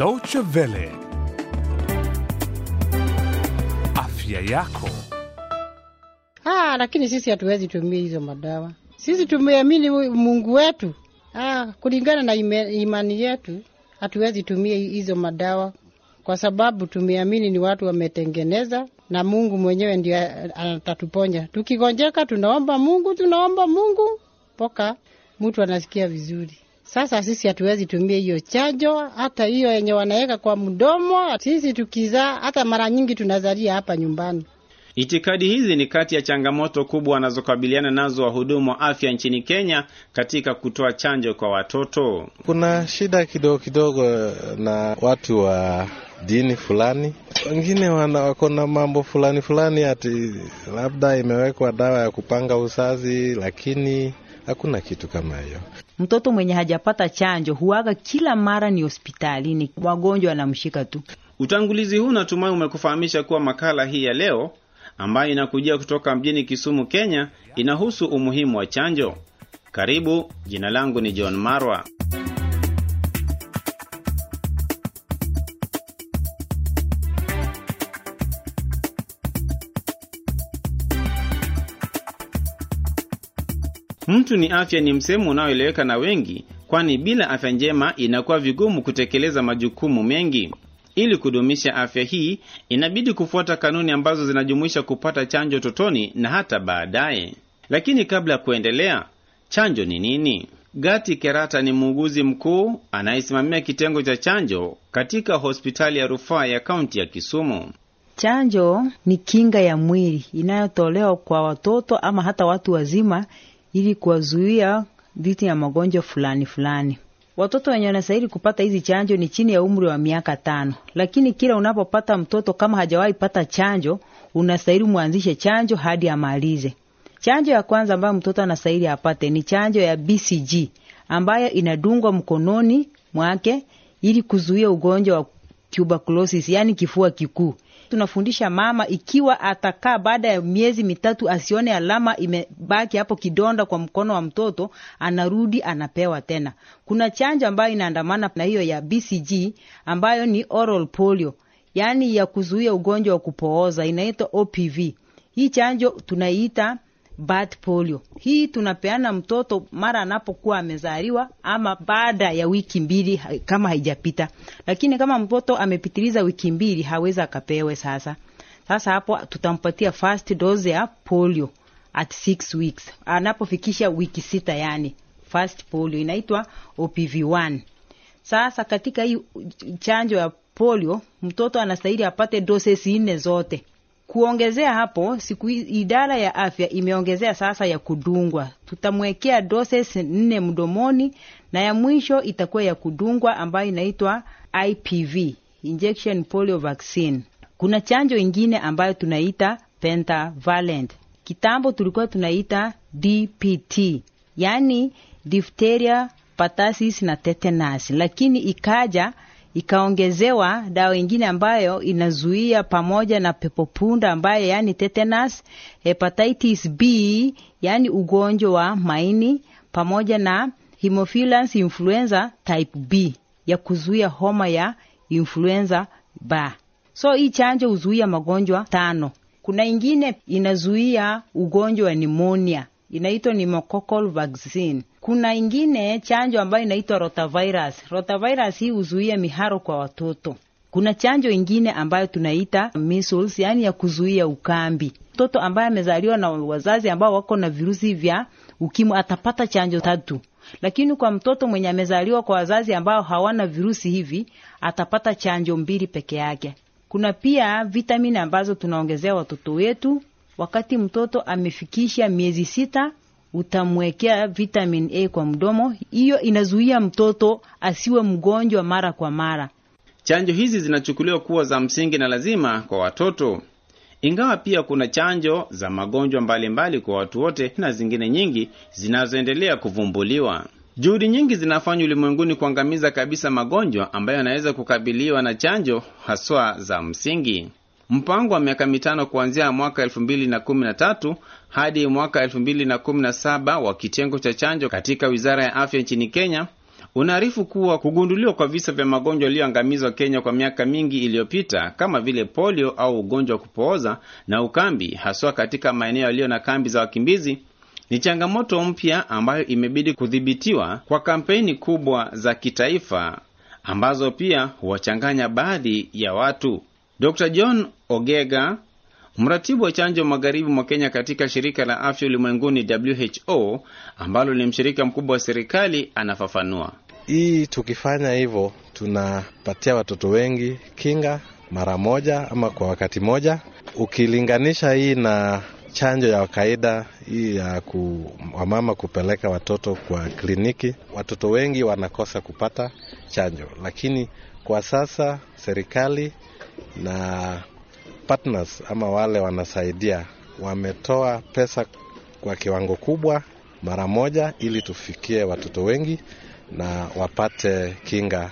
Deutsche Welle. Afya yako. Ah, lakini sisi hatuwezi tumia hizo madawa. Sisi tumeamini Mungu wetu. Ah, kulingana na imani yetu hatuwezi tumia hizo madawa kwa sababu tumeamini ni watu wametengeneza na Mungu mwenyewe ndiye atatuponya. Tukigonjeka tunaomba Mungu, tunaomba Mungu poka mtu anasikia vizuri. Sasa sisi hatuwezi tumia hiyo chajo, hata hiyo yenye wanaweka kwa mdomo. Sisi tukizaa, hata mara nyingi tunazalia hapa nyumbani. Itikadi hizi ni kati ya changamoto kubwa wanazokabiliana nazo wahudumu wa afya nchini Kenya katika kutoa chanjo kwa watoto. Kuna shida kidogo kidogo eh, na watu wa dini fulani, wengine wako na mambo fulani fulani, ati labda imewekwa dawa ya kupanga uzazi, lakini Hakuna kitu kama hiyo. Mtoto mwenye hajapata chanjo huaga kila mara, ni hospitalini, wagonjwa wanamshika tu. Utangulizi huu natumai umekufahamisha kuwa makala hii ya leo ambayo inakujia kutoka mjini Kisumu, Kenya, inahusu umuhimu wa chanjo. Karibu. Jina langu ni John Marwa. Mtu ni afya ni msemo unaoeleweka na wengi, kwani bila afya njema inakuwa vigumu kutekeleza majukumu mengi. Ili kudumisha afya hii, inabidi kufuata kanuni ambazo zinajumuisha kupata chanjo totoni na hata baadaye. Lakini kabla ya kuendelea, chanjo ni nini? Gati Kerata ni muuguzi mkuu anayesimamia kitengo cha chanjo katika hospitali ya rufaa ya kaunti ya Kisumu. Chanjo ni kinga ya mwili inayotolewa kwa watoto ama hata watu wazima ili kuwazuia dhidi ya magonjwa fulani fulani. Watoto wenye wanastahili kupata hizi chanjo ni chini ya umri wa miaka tano, lakini kila unapopata mtoto kama hajawahi pata chanjo, unastahili mwanzishe chanjo hadi amalize. Chanjo ya kwanza ambayo mtoto anastahili apate ni chanjo ya BCG ambayo inadungwa mkononi mwake ili kuzuia ugonjwa wa tuberculosis, yani kifua kikuu tunafundisha mama, ikiwa atakaa baada ya miezi mitatu asione alama imebaki hapo kidonda kwa mkono wa mtoto, anarudi anapewa tena. Kuna chanjo ambayo inaandamana na hiyo ya BCG ambayo ni oral polio, yaani ya kuzuia ugonjwa wa kupooza, inaitwa OPV. Hii chanjo tunaiita bad polio. Hii tunapeana mtoto mara anapokuwa amezaliwa ama baada ya wiki mbili kama haijapita, lakini kama mtoto amepitiliza wiki mbili hawezi akapewe. Sasa sasa hapo tutampatia first dose ya polio at 6 weeks, anapofikisha wiki sita, yani first polio inaitwa OPV1. Sasa katika hii chanjo ya polio mtoto anastahili apate doses nne zote Kuongezea hapo siku idara ya afya imeongezea sasa ya kudungwa, tutamwekea doses nne mdomoni na ya mwisho itakuwa ya kudungwa ambayo inaitwa IPV, injection polio vaccine. Kuna chanjo ingine ambayo tunaita pentavalent, kitambo tulikuwa tunaita DPT, yaani difteria, pertussis na tetanus, lakini ikaja ikaongezewa dawa ingine ambayo inazuia pamoja na pepopunda ambayo yani tetanus, hepatitis B yani ugonjwa wa maini, pamoja na hemophilus influenza type B ya kuzuia homa ya influenza B. So hii chanjo huzuia magonjwa tano. Kuna ingine inazuia ugonjwa wa nimonia inaitwa ni mokokol vaccine. Kuna ingine chanjo ambayo inaitwa rotavirus. Rotavirus hii huzuia miharo kwa watoto. Kuna chanjo ingine ambayo tunaita measles, yaani ya kuzuia ukambi. Mtoto ambaye amezaliwa na wazazi ambao wako na virusi vya ukimwi atapata chanjo tatu, lakini kwa mtoto mwenye amezaliwa kwa wazazi ambao hawana virusi hivi atapata chanjo mbili peke yake. Kuna pia vitamini ambazo tunaongezea watoto wetu Wakati mtoto amefikisha miezi sita, utamwekea vitamin A kwa mdomo. Hiyo inazuia mtoto asiwe mgonjwa mara kwa mara. Chanjo hizi zinachukuliwa kuwa za msingi na lazima kwa watoto, ingawa pia kuna chanjo za magonjwa mbalimbali mbali kwa watu wote na zingine nyingi zinazoendelea kuvumbuliwa. Juhudi nyingi zinafanywa ulimwenguni kuangamiza kabisa magonjwa ambayo yanaweza kukabiliwa na chanjo haswa za msingi. Mpango wa miaka mitano kuanzia mwaka elfu mbili na kumi na tatu hadi mwaka elfu mbili na kumi na saba wa kitengo cha chanjo katika wizara ya afya nchini Kenya unaarifu kuwa kugunduliwa kwa visa vya magonjwa yaliyoangamizwa Kenya kwa miaka mingi iliyopita kama vile polio au ugonjwa wa kupooza na ukambi, haswa katika maeneo yaliyo na kambi za wakimbizi ni changamoto mpya ambayo imebidi kudhibitiwa kwa kampeni kubwa za kitaifa ambazo pia huwachanganya baadhi ya watu. Dr. John Ogega, mratibu wa chanjo magharibi mwa Kenya katika shirika la afya ulimwenguni WHO, ambalo ni mshirika mkubwa wa serikali, anafafanua. Hii tukifanya hivyo, tunapatia watoto wengi kinga mara moja ama kwa wakati moja, ukilinganisha hii na chanjo ya kawaida hii ya ku, wamama kupeleka watoto kwa kliniki, watoto wengi wanakosa kupata chanjo. Lakini kwa sasa serikali na partners ama wale wanasaidia wametoa pesa kwa kiwango kubwa mara moja, ili tufikie watoto wengi na wapate kinga,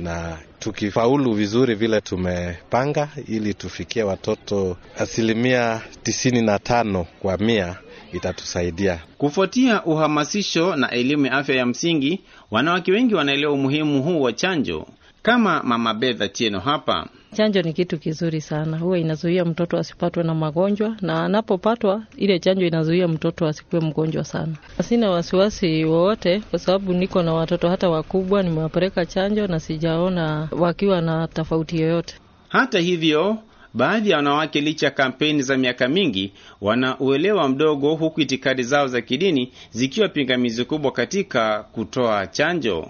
na tukifaulu vizuri vile tumepanga, ili tufikie watoto asilimia tisini na tano kwa mia itatusaidia. Kufuatia uhamasisho na elimu ya afya ya msingi, wanawake wengi wanaelewa umuhimu huu wa chanjo, kama Mama Bedha Tieno hapa Chanjo ni kitu kizuri sana, huwa inazuia mtoto asipatwe na magonjwa, na anapopatwa ile chanjo inazuia mtoto asikuwe mgonjwa sana. Sina wasiwasi wowote, kwa sababu niko na watoto hata wakubwa, nimewapeleka chanjo na sijaona wakiwa na tofauti yoyote. Hata hivyo baadhi ya wanawake licha ya kampeni za miaka mingi wana uelewa mdogo, huku itikadi zao za kidini zikiwa pingamizi kubwa katika kutoa chanjo.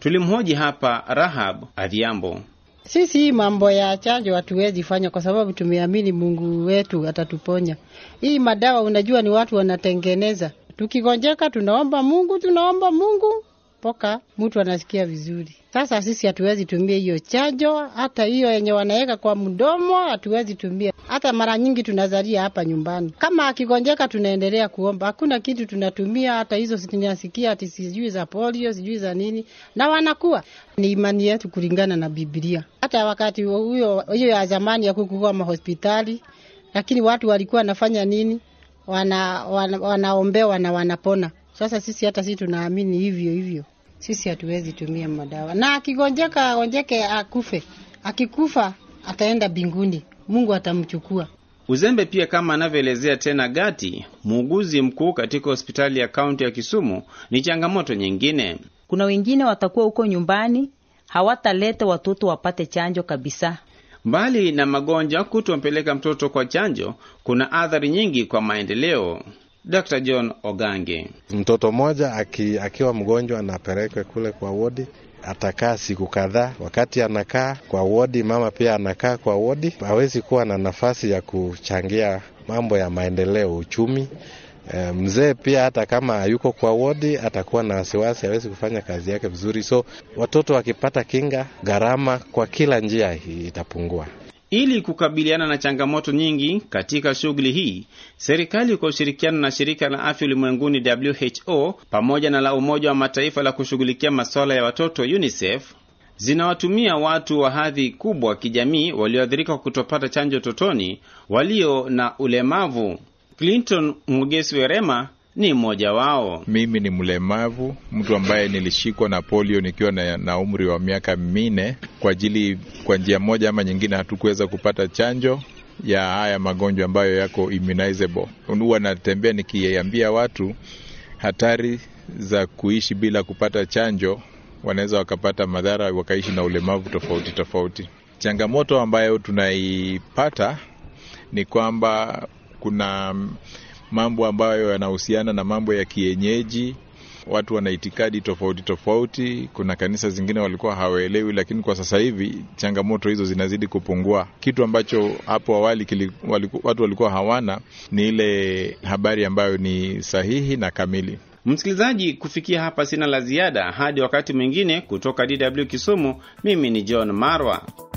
Tulimhoji hapa Rahab Adhiambo. Sisi mambo ya chanjo hatuwezi fanya kwa sababu tumeamini Mungu wetu atatuponya. Hii madawa unajua ni watu wanatengeneza. Tukigonjeka tunaomba Mungu, tunaomba Mungu anapoka mtu anasikia vizuri. Sasa sisi hatuwezi tumia hiyo chanjo, hata hiyo yenye wanaweka kwa mdomo hatuwezi tumia. Hata mara nyingi tunazalia hapa nyumbani, kama akigonjeka tunaendelea kuomba, hakuna kitu tunatumia, hata hizo zinasikia ati sijui za polio sijui za nini, na wanakuwa ni imani yetu kulingana na Biblia. Hata wakati huyo hiyo ya zamani ya kukuwa mahospitali, lakini watu walikuwa wanafanya nini? Wana, wana, wanaombewa na wanapona. Sasa sisi hata sisi tunaamini hivyo hivyo sisi hatuwezi tumia madawa, na akigonjeka agonjeke akufe, akikufa ataenda binguni, Mungu atamchukua. Uzembe pia kama anavyoelezea tena Gati, muuguzi mkuu katika hospitali ya kaunti ya Kisumu, ni changamoto nyingine. Kuna wengine watakuwa huko nyumbani, hawataleta watoto wapate chanjo kabisa. Mbali na magonjwa kutompeleka mtoto kwa chanjo, kuna athari nyingi kwa maendeleo. Dr. John Ogange. Mtoto mmoja aki, akiwa mgonjwa anapelekwe kule kwa wodi atakaa siku kadhaa. Wakati anakaa kwa wodi, mama pia anakaa kwa wodi, hawezi kuwa na nafasi ya kuchangia mambo ya maendeleo, uchumi. E, mzee pia hata kama yuko kwa wodi atakuwa na wasiwasi, hawezi kufanya kazi yake vizuri. So watoto wakipata kinga, gharama kwa kila njia itapungua. Ili kukabiliana na changamoto nyingi katika shughuli hii, serikali kwa ushirikiano na shirika la afya ulimwenguni WHO pamoja na la Umoja wa Mataifa la kushughulikia masuala ya watoto UNICEF zinawatumia watu wa hadhi kubwa kijamii walioathirika kwa kutopata chanjo totoni, walio na ulemavu. Clinton Mugesi Werema ni mmoja wao. Mimi ni mlemavu, mtu ambaye nilishikwa na polio nikiwa na, na umri wa miaka minne. Kwa ajili kwa njia moja ama nyingine hatukuweza kupata chanjo ya haya magonjwa ambayo yako immunizable. Huwa natembea nikiambia watu hatari za kuishi bila kupata chanjo, wanaweza wakapata madhara wakaishi na ulemavu tofauti tofauti. Changamoto ambayo tunaipata ni kwamba kuna mambo ambayo yanahusiana na mambo ya kienyeji. Watu wana itikadi tofauti tofauti. Kuna kanisa zingine walikuwa hawaelewi, lakini kwa sasa hivi changamoto hizo zinazidi kupungua. Kitu ambacho hapo awali kili, waliku, watu walikuwa hawana ni ile habari ambayo ni sahihi na kamili. Msikilizaji, kufikia hapa sina la ziada. Hadi wakati mwingine, kutoka DW Kisumu, mimi ni John Marwa.